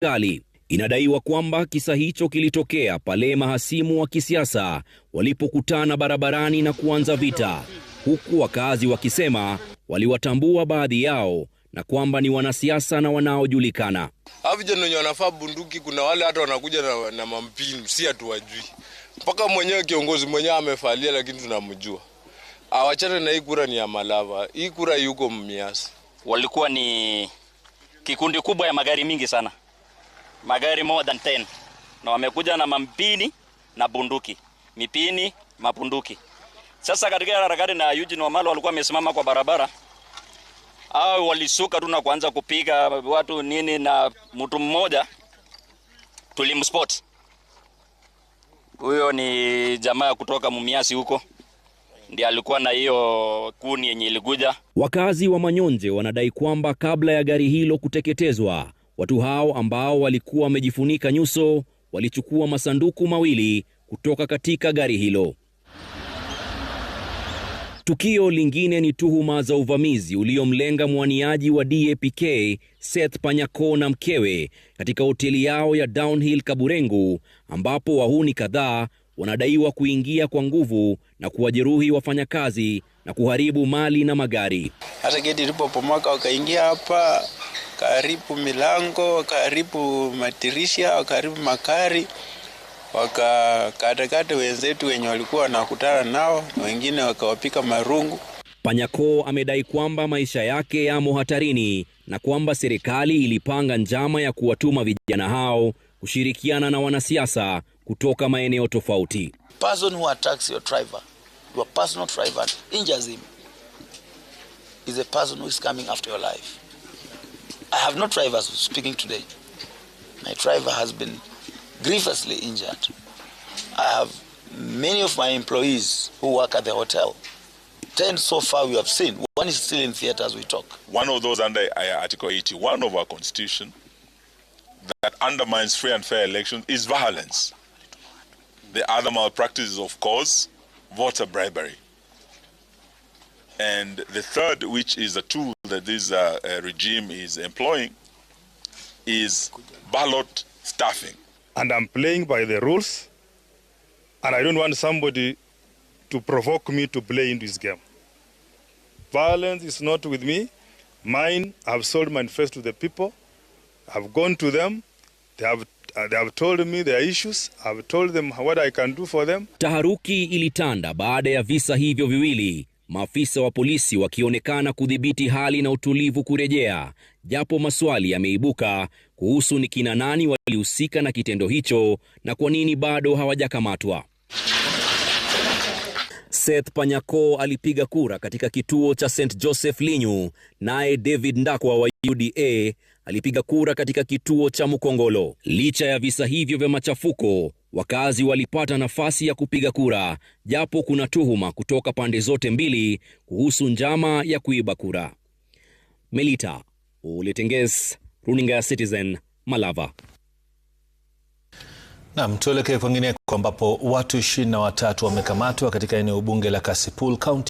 Serikali inadaiwa kwamba kisa hicho kilitokea pale mahasimu wa kisiasa walipokutana barabarani na kuanza vita, huku wakazi wakisema waliwatambua baadhi yao na kwamba ni wanasiasa na wanaojulikana. Vijana wenye wanafaa bunduki, kuna wale hata wanakuja na, na mampinu, si hatuwajui mpaka mwenyewe kiongozi mwenyewe amefalia, lakini tunamjua. Awachane na hii kura, ni ya Malava. Hii kura yuko Mmiasi, walikuwa ni kikundi kubwa ya magari mingi sana magari more than 10 na wamekuja na mampini na bunduki, mipini mapunduki. Sasa katika harakati na Eugene Wamalwa walikuwa wamesimama kwa barabara, au walisuka tu na kuanza kupiga watu nini, na mtu mmoja tulimspot. Huyo ni jamaa kutoka Mumiasi huko ndiye alikuwa na hiyo kuni yenye ilikuja. Wakazi wa Manyonje wanadai kwamba kabla ya gari hilo kuteketezwa Watu hao ambao walikuwa wamejifunika nyuso walichukua masanduku mawili kutoka katika gari hilo. Tukio lingine ni tuhuma za uvamizi uliomlenga mwaniaji wa DAPK Seth Panyako na mkewe katika hoteli yao ya Downhill Kaburengu, ambapo wahuni kadhaa wanadaiwa kuingia kwa nguvu na kuwajeruhi wafanyakazi na kuharibu mali na magari. Hata geti ilipopomoka wakaingia hapa, wakaharibu milango, wakaharibu madirisha, wakaharibu makari, wakakatakata wenzetu wenye walikuwa wanakutana nao, na wengine wakawapika marungu. Panyako amedai kwamba maisha yake yamo hatarini na kwamba serikali ilipanga njama ya kuwatuma vijana hao kushirikiana na wanasiasa kutoka maeneo tofauti. Person who attacks your driver, your personal driver injures him is a person who is coming after your life. I have no drivers speaking today. My driver has been grievously injured. I have many of my employees who work at the hotel. Ten so far we have seen. One is still in theatre as we talk. One of those under uh, Article 81 of our Constitution that undermines free and fair elections is violence. The other malpractice is, of course, voter bribery. And the third, which is a tool that this uh, uh, regime is employing is ballot stuffing. And I'm playing by the rules, and I don't want somebody to provoke me to play in this game. Violence is not with me. Mine, I've sold my face to the people. I've gone to them. They have uh, they have told me their issues. I've told them what I can do for them. Taharuki ilitanda baada ya visa hivyo viwili maafisa wa polisi wakionekana kudhibiti hali na utulivu kurejea, japo maswali yameibuka kuhusu ni kina nani walihusika na kitendo hicho na kwa nini bado hawajakamatwa. Seth Panyako alipiga kura katika kituo cha St Joseph Linyu, naye David Ndakwa wa UDA alipiga kura katika kituo cha Mukongolo. Licha ya visa hivyo vya machafuko, Wakazi walipata nafasi ya kupiga kura, japo kuna tuhuma kutoka pande zote mbili kuhusu njama ya kuiba kura. Melita uletenges runinga ya Citizen, Malava. Nam, tuelekee kwengine ambapo watu ishirini na watatu wamekamatwa katika eneo bunge la Kasipul, kaunti